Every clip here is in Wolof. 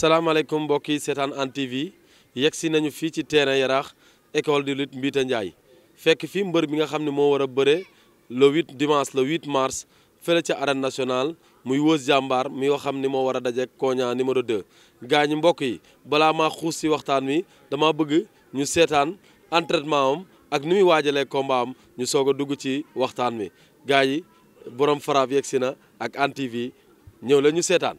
salaamaaleykum mbokk yi seetaan Hann TV yegg si nañu fii ci terrain yaraax école de lutte Mbiita Ndiaye fekk fii mbër bi nga xam ne moo war a bëre le 8 dimanche le 8 mars fële ca arène national muy Weuz jàmbaar mi nga xam ni moo war a dajeek Kogna numéro 2. gaa ñi mbokk yi balaa ma xuus si waxtaan wi dama bëgg ñu seetaan entraînement am ak ni muy waajalee combat am ñu soog a dugg ci waxtaan wi gaa yi borom faraaf yegg si na ak Hann TV ñëw la ñu seetaan.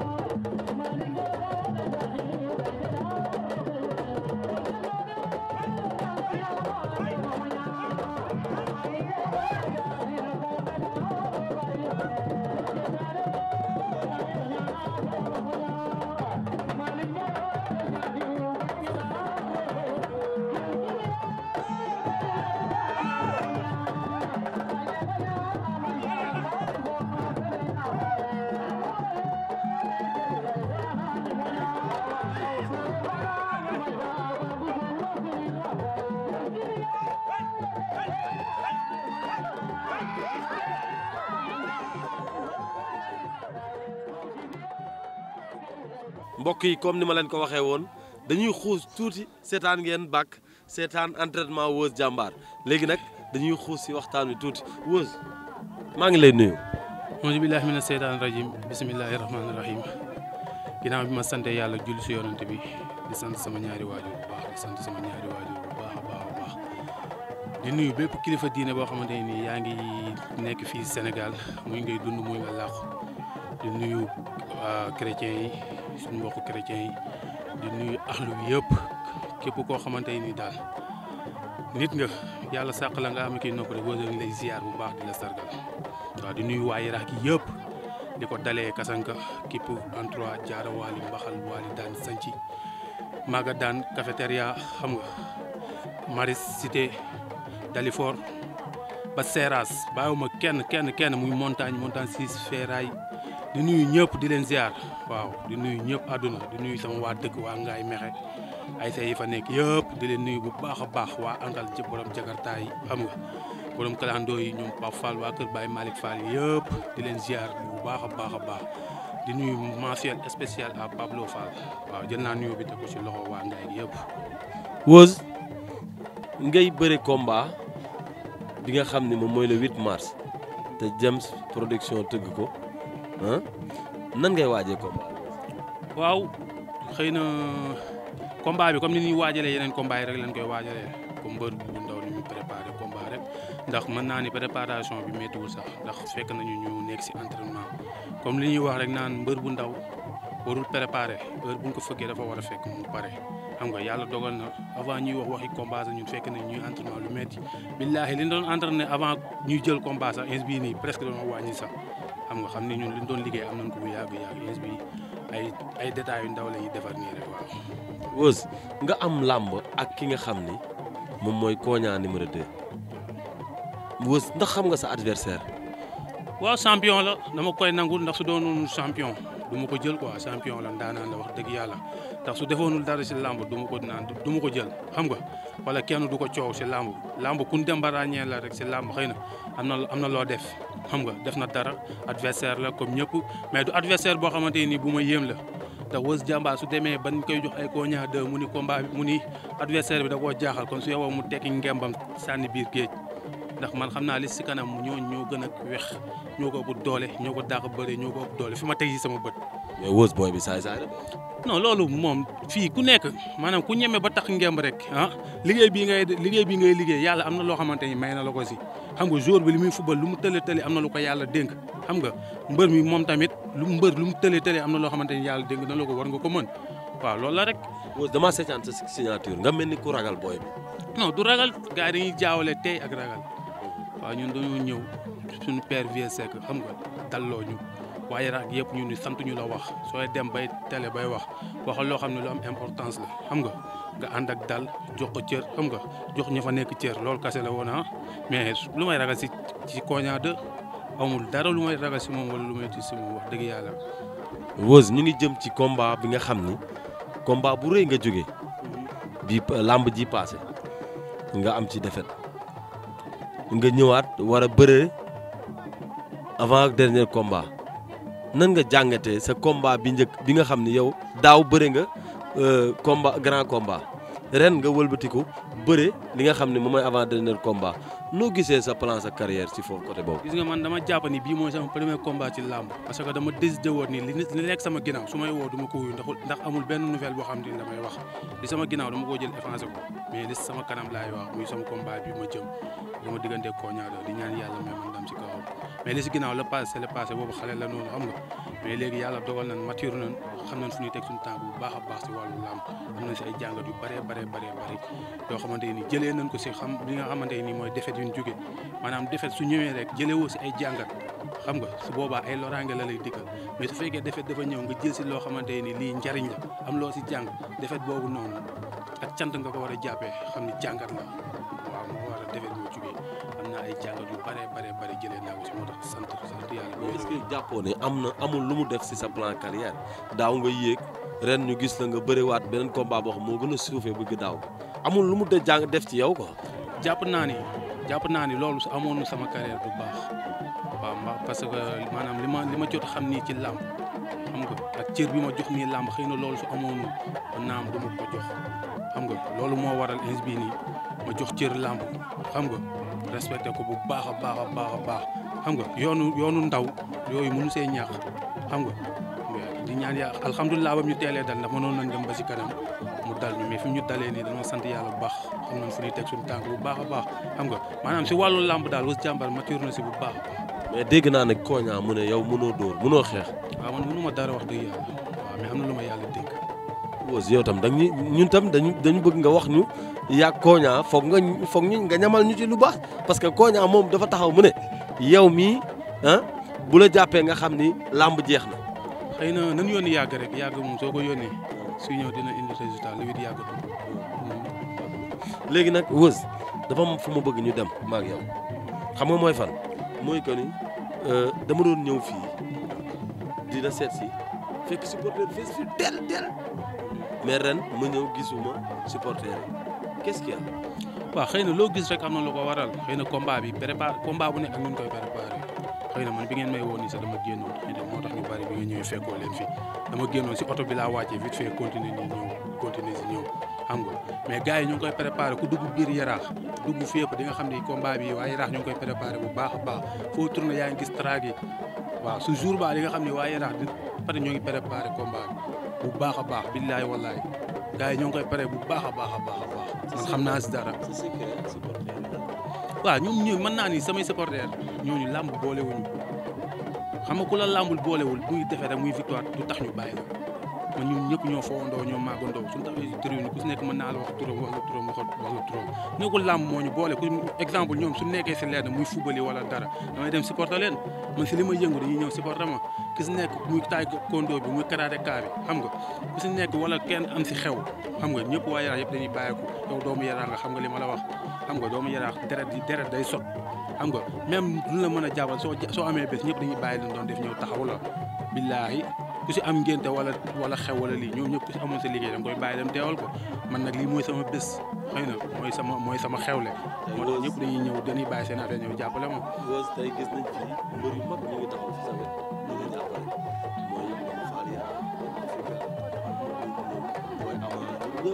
mbokk yi comme ni ma leen ko waxee woon dañuy xuus tuuti seetaan ngeen bàkk seetaan entraînement Weuz jàmbaar léegi nag dañuy xuus si waxtaan wi tuuti Weuz maa ngi lay nuyu. auzu billaahi mina seytaani rajiim bismillaahi rahmaani rahiim ginnaaw bi ma sant yàlla julli si yoonante bi di sant sama ñaari waajur baax sant sama baax baax di nuyu bépp kilifa diine boo xamante ne nii yaa ngi nekk fii Sénégal muy ngay dund muy nga di nuyu ah, chrétiens yi. suñu mbokku chrétiens yi di nuyu axlu bi yëpp képp koo xamante ni daal nit nga yàlla sàq la nga am kii nopp rek wala lay ziar bu baax di la sargal waaw di nuyu waay Yaraax gi yëpp di ko dalee Kasanka képp endroit jaara waali mbaxal waali daan sanci Maga daan cafétéria xam nga Maris Cité Dalifort ba Seras bàyyiwuma kenn kenn kenn muy montagne montagne six ferraille di nuyu ñëpp di leen ziar waaw di nuyu ñëpp aduna di nuyu sama waa dëkk waa ngaay mexe ay sa yi fa nekk yëpp di leen nuyu bu baax a baax waa àndal ci borom jakarta yi xam nga borom kalando yi ñoom Pape Fall waa kër Baye malik Fall yëpp di leen ziar bu baax a baax a baax di nuyu mensuel spécial à Pablo Fall waaw jël naa nuyu bi te ko ci loxo waa ngaay gi yëpp Weuz ngay bëre combat bi nga xam ne moom mooy le 8 mars te James production tëgg ko nan ngay waajee combat waaw xëy na combat bi comme ni ñuy waajale yeneen combat yi rek lañ koy waajalee comme mbër bu ndaw ni ñu préparé combat rek ndax mën naa ni préparation bi méttiwul sax ndax fekk nañu ñu nekk si entraînement comme li ñuy wax rek naan mbër bu ndaw warul préparé heure bu ñu ko fëggee dafa war a fekk mu pare xam nga yàlla dogal na avant ñuy wax waxi combat sax ñun fekk nañ ñuy entraînement lu métti billaahi li ñu doon entraîné avant ñuy jël combat sax nii presque doon wàññi sax xam nga xam ni ñun liñ doon liggéey am nañ ko bu yàgg yàgg bi ay ay détails yu ndaw lañuy ñuy defar nii rek waaw. Weuz nga am làmb ak ki nga xam ni moom mooy Kogna numéro 2 Weuz ndax xam nga sa adversaire. waaw champion la dama koy nangul ndax su doonoon champion du ma ko jël quoi champion la ndaanaan la wax dëgg yàlla ndax su defoonul dara si làmb du ma ko naan du ko jël xam nga wala kenn du ko coow si làmb làmb ku dem la rek si làmb xëy xam nga def na dara adversaire la comme ñëpp mais du adversaire boo xamante ni bu ma yem la ndax Weuz Diambar su demee bañ koy jox ay Konia 2 mu ni combat bi mu ni adversaire bi da koo jaaxal kon su yowoo mu tekki ngembam sànni biir géej ndax man xam naa li si kanam ñooñu ñoo gën a wex ñoo ko ëpp doole ñoo ko dàq bëre ñoo ko ëpp doole fi ma teg yi sama bët. mais Weuz booy bi saay saay la. loolu moom fii ku nekk maanaam ku ñeme ba tax ngemb rek ah liggéey bii ngay liggéey bii ngay liggéey yàlla am na loo xamante ni may na la ko si xam nga jour bi li muy football lu mu tële tële am na lu ko yàlla dénk xam nga mbër mi moom tamit lu mbër lu mu tële tële am na loo xamante ni yàlla dénk na la ko war nga ko mën waaw loolu la rek. dama seetaan sa signature nga mel ni ku ragal booy bi. du ragal gars yi dañuy jaawale tey ak ragal waaw ñun dañoo ñëw suñu père vieux sec xam nga dalloo ñu waaye raak yëpp ñun ni santuñu la wax sooy dem bay télé bay wax waxal loo xam ne lu am importance la xam nga. nga ànd ak dal jox ko cër xam nga jox ñafa nekk cër loolu la wona ah mais lu may ragal ci ci koña de amul dara lu may ragal ci mom wala lu may ci si mom wax deug yàlla. woz ñu ngi jëm ci combat bi nga xam ni combat bu reuy nga joggé bi lamb ji passé nga am ci defet nga ñëwaat wara bëre avant ak dernier combat nan nga jàngatee sa combat bi njëkk bi nga xam yow daaw bëre nga euh, combat grand combat ren nga wëlbatiku bëre li nga xam ne avant dernier combat noo gisee sa plan sa carrière ci foofu côté boobu. gis nga man dama jàpp ni bii mooy sama premier combat ci làmb parce que dama décidé woon ni li nekk sama ginnaaw su may woo du ko wuyu ndax amul benn nouvelle boo xam ne damay teg suñu temps bu baax a baax si wàllu làmb am nañ si ay jàngat yu bare bare bare bare yoo xamante ni jëlee nañ ko si xam li nga xamante ni mooy défaite yuñ jóge maanaam defet su ñëwee rek jëlewoo si ay jàngat xam nga su boobaa ay loraange la lay dikka mais su fekkee defet dafa ñëw nga jël si loo xamante ni lii njariñ la am loo si jàng defet boobu noonu ak cant nga ko war a jàppee xam ni jàngat la waaw moo war a defet moo jógee am naa ay jàngat yu bare bare bare jële naa ko si tax sant sant yàlla est-ce que jàppoo ne am na amul lu mu def si sa plan carrière daaw nga yéeg ren ñu gis la nga bëriwaat beneen combat boo moo gën a suufee bëgg daaw amul mu jàng def ci yow quoi jàpp naa ni loolu su amoon sama carrière bu baax waaw parce que maanaam li ma li ma jot xam nii ci làmb xam nga ak cër bi ma jox mii làmb xëy na loolu su amoon naam du ma ko jox xam nga loolu moo waral ins bii nii ma jox cër làmb xam nga respecté ko bu baax a baax a baax a baax xam nga yoonu yoonu ndaw yooyu mënu see ñàkk xam nga di ñaan yaa alhamdulilah ba ñu teelee dal ndax mënoon nañ dem ba si kanam mu dal ñu mais fi ñu dalee nii dañoo sant yàlla bu baax xam nañ fu ñuy teg suñu tànk bu baax baax xam nga maanaam si wàllu làmb daal Weuz Diambar mature na si bu baax mais dégg naa ne Kogna mu ne yow mënoo dóor mënoo xeex waaw man mënuma dara wax dëgg yàlla waaw mais am na lu ma yàlla dénk Weuz yow tam da ñu tam dañu dañu bëgg nga wax ñu yàgg Kogna foog nga foog ñu nga ñamal ñu ci lu baax parce que Kogna moom dafa taxaw mu ne yow mii ah bu la jàppee nga xam ni làmb jeex na xëy na nan yónni yàgg rek yàgg moom soo ko yónnee su ñëw dina indi résultat li wit yàggatu léegi nag wës dafa fu ma bëgg ñu dem maag yow xam nga mooy fan mooy que ni euh, dama doon ñëw fii di la seet si fekk supporter fees fi del del mais ren ma ñëw gisuma supporter qu'est-ce qu'il y a waaw xëy na loo gis rek am na lu ko waral xëy na combat bi prépare combat bu nekk ak ñu koy préparé xëy na man bi ngeen may woo nii sax dama génnoon xëy na moo tax ñu bari bi nga ñëwee fekkoo leen fi dama génnoon si oto bi laa wàccee vite fait continuer nii ñëw continuer si ñëw xam nga gars yi ñu ngi koy préparé ku dugg biir yaraax dugg fépp di nga xam ne combat bi waa yaraax ñu ngi koy préparé bu baax a baax foo tourné yaa ngi gis traag yi waaw su jour ba li nga xam ne waa yaraax di pare ñoo ngi préparé combat bi bu baax a baax billaay wallaay gars yi ñoo ngi koy pare bu baax a baax a baax a baax man xam naa si dara waaw ñoom ñooy mën naa ni samay supporters ñooñu làmb boolewuñu xam nga ku la làmbul boolewul muy defee muy victoire du tax ñu bàyyi ko man ñun ñëpp ñoo fowandoo ñoo maagandoo suñu taxawee si tërëwuñu ku si nekk mën naa la wax turam wax nga turam wax nga turam moo ñu boole exemple ñoom su nekkee si leen muy fubali wala dara damay dem supporter leen man si li ma yëngu dañuy ñëw supporter ma ku si nekk muy taay kondo bi muy karaate kaa xam nga ku si nekk wala kenn am si xew xam nga ñëpp waa Yaraax yëpp dañuy bàyyi ko yow doomu Yaraax nga xam nga li ma la wax xam nga doomu yaraax deret deret day sot xam nga même duñ la mën a jàppal soo soo amee bés ñëpp dañuy bàyyi leen doon def ñëw taxaw la billaahi ku si am ngénte wala wala xew wala lii ñoom ñëpp ku si amoon sa liggéey danga koy bàyyi dem teewal ko man nag lii mooy sama bés xëy na mooy sama mooy sama xewle moo tax ñëpp dañuy ñëw dañuy bàyyi seen affaire ñëw jàppale moom Weuz tey gis nañ ci mbër yu sa wet ñu ngi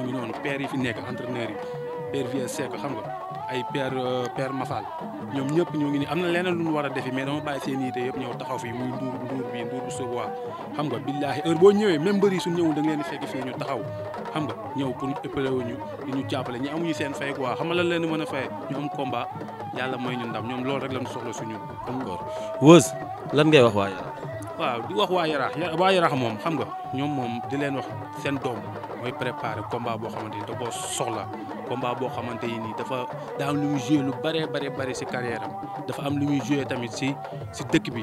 mu ngi noonu père yi fi nekk entraîneur yi père Vieux Seck xam nga ay père euh, père Mafal ñoom ñëpp ñoo ngi nii am na leneen lu ñu war a defi mais dama bàyyi seen yiite yëpp ñëw taxaw fii muy nduur nduur bi nduur bu soog waa xam nga billaahi heure boo ñëwee même bëri suñ ñëwul da nga leen di fekk fii ñu taxaw xam nga ñëw pour ëppale wuñu ñu jàppale ñi amuñu seen fay quoi xam nga lan leen mën a fay ñu am combat yàlla may ñu ndam ñoom loolu rek lañu soxla suñu. d'accord Weuz lan ngay wax waa waaw di wax waa yaraax waa yaraax moom xam nga ñoom moom di leen wax seen doom mooy préparer combat boo xamante ni da soxla combat boo xamante yi nii dafa daa am lu muy joué lu bëree bare bëri si carrière dafa am lu muy joué tamit si si dëkk bi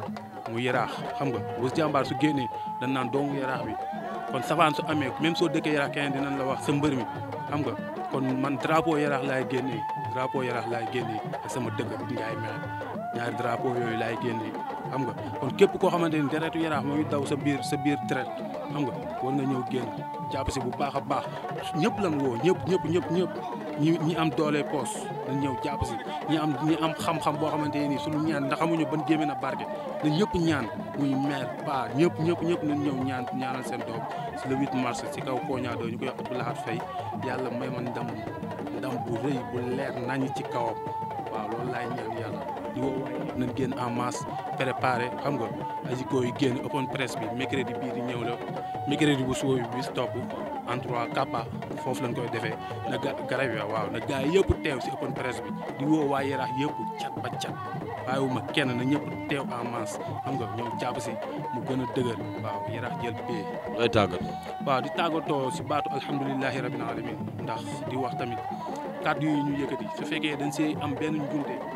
mu yaraax xam nga Weuz Diambar su génnee dañ naan doomu yaraax bi kon savaan su amee même soo dëkkee yaraax keneen dinañ la wax sa mbër mi xam nga kon man drapeau yaraax laay génnee drapeau yaraax laay génnee sama dëkk bi ngaay mel ñaari drapeau xam nga kon képp koo xamante ni deretu yaraax moo ngi daw sa biir sa biir traite xam nga war nga ñëw génn jàpp si bu baax a baax ñëpp lan woo ñëpp ñëpp ñëpp ñëpp ñi ñi am doole poos nañ ñëw jàpp si ñi am ñi am xam-xam boo xamante nii su ñaan ndax xamuñu ban jéemee na barke na ñëpp ñaan muy maire pa ñëpp ñëpp ñëpp nañ ñëw ñaan ñaanal seen doom si la 8 mars ci kaw Kogna doo ñu koy wax Abdoulahat Faye yàlla may man ndam ndam bu rëy bu leer nañ ci kawam waaw loolu laay ñaan yàlla ñëpp nañ génn en masse préparé xam nga Azico yi génn open press bi mercredi bii di ñëw la mercredi bu suba bi bis topp en trois kappa foofu lañ koy defee na garab yi waaw na gars yëpp teew si open press bi di woo waa Yaraax yëpp cat ba cat bàyyiwuma kenn na ñëpp teew en xam nga ñoom jàpp si mu gën a dëgër waaw Yaraax jël pay. looy tàggatoo. waaw di tàggatoo si baatu alhamdulilahi rabbil alamin ndax di wax tamit kàddu yi ñu yëkkati su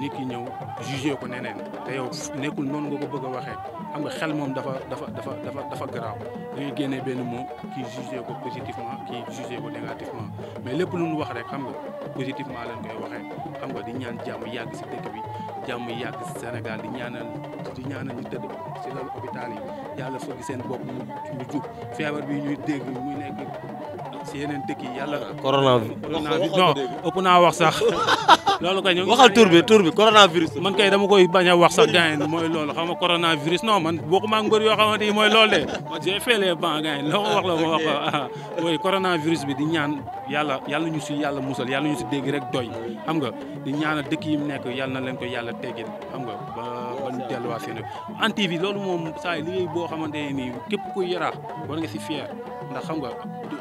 nit ki jugé ko yow nekkul nga ko bëgg xel moom dafa dafa dafa dafa positivement mais lépp lu wax rek xam nga positivement lañ koy xam nga di ñaan Sénégal di ñaanal di ñaanal ñu tëdd si yeneen dëkk yi yàlla. Ah, coronavirus coronavirus non ëpp naa wax sax. loolu kay ñu waxal tur bi tur bi coronavirus. man kay dama koy bañ a wax sax gars yi mooy loolu xam nga coronavirus non man bokkuma ak mbër yoo xamante ni mooy loolu de. j'ai fait bi di ñaan yàlla yàlla ñu si yàlla musal yàlla ñu si dégg rek doy xam nga di ñaanal dëkk yi nekk yàlla na leen ko yàlla teggil xam nga ba ba ñu delluwaat seen Hann TV loolu moom saa yi liggéey boo xamante ne képp kuy yaraax war si fier ndax xam nga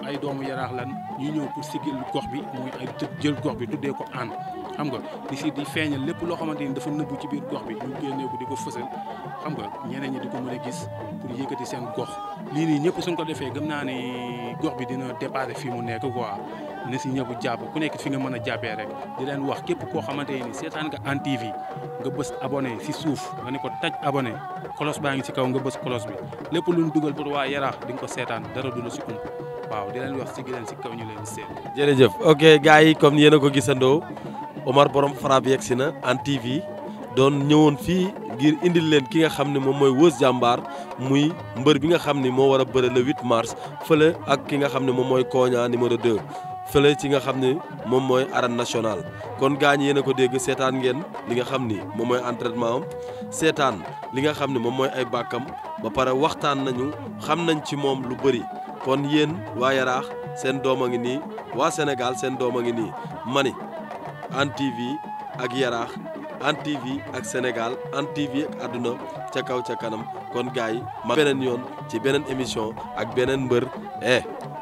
ay doomu yaraax lan ñu ñëw pour sigil gox bi muy ay jël gox bi tuddee ko aan xam nga di si di feeñal lépp loo xamante ni dafa nëbbu ci biir gox bi ñu génnee ko di ko fësal xam nga ñeneen ñi di ko mën a gis pour yëkkati seen gox lii nii ñëpp suñ ko defee gëm naa ni gox bi dina dépassé fii mu nekk quoi ne si ñëpp jàpp ku nekk fi nga mën a jàppee rek di leen wax képp koo xamante ni seetaan nga en TV nga bës abonné si suuf nga ne ko taj abonné kolos baa ngi si kaw nga bës kolos bi lépp lu ñu dugal pour waa yaraax di nga ko seetaan dara du la si ump waaw di leen wax si gi leen si kaw ñu leen seet. jërëjëf ok gars yi comme yéen a ko gisandoo Omar borom frab yegg si na Hann TV doon ñëwoon fii ngir indil leen ki nga xam ne moom mooy Weuz Diambar muy mbër bi nga xam ne moo war a bëre le 8 mars fële ak ki nga xam ne moom mooy Konia numéro 2. fële ci nga xam ne moom mooy arène nationale kon gaañ yéen a ko dégg seetaan ngeen li nga xam ni moom mooy entraînement seetaan li nga xam ne moom mooy ay bàkkam ba pare waxtaan nañu xam nañ ci moom lu bëri kon yéen waa Yaraax seen doom a ngi nii waa Sénégal seen doom a ngi nii mani Hann TV ak Yaraax Hann TV ak Sénégal Hann TV ak àdduna ca kaw ca kanam kon gars yi ma beneen yoon ci beneen émission ak beneen mbër eh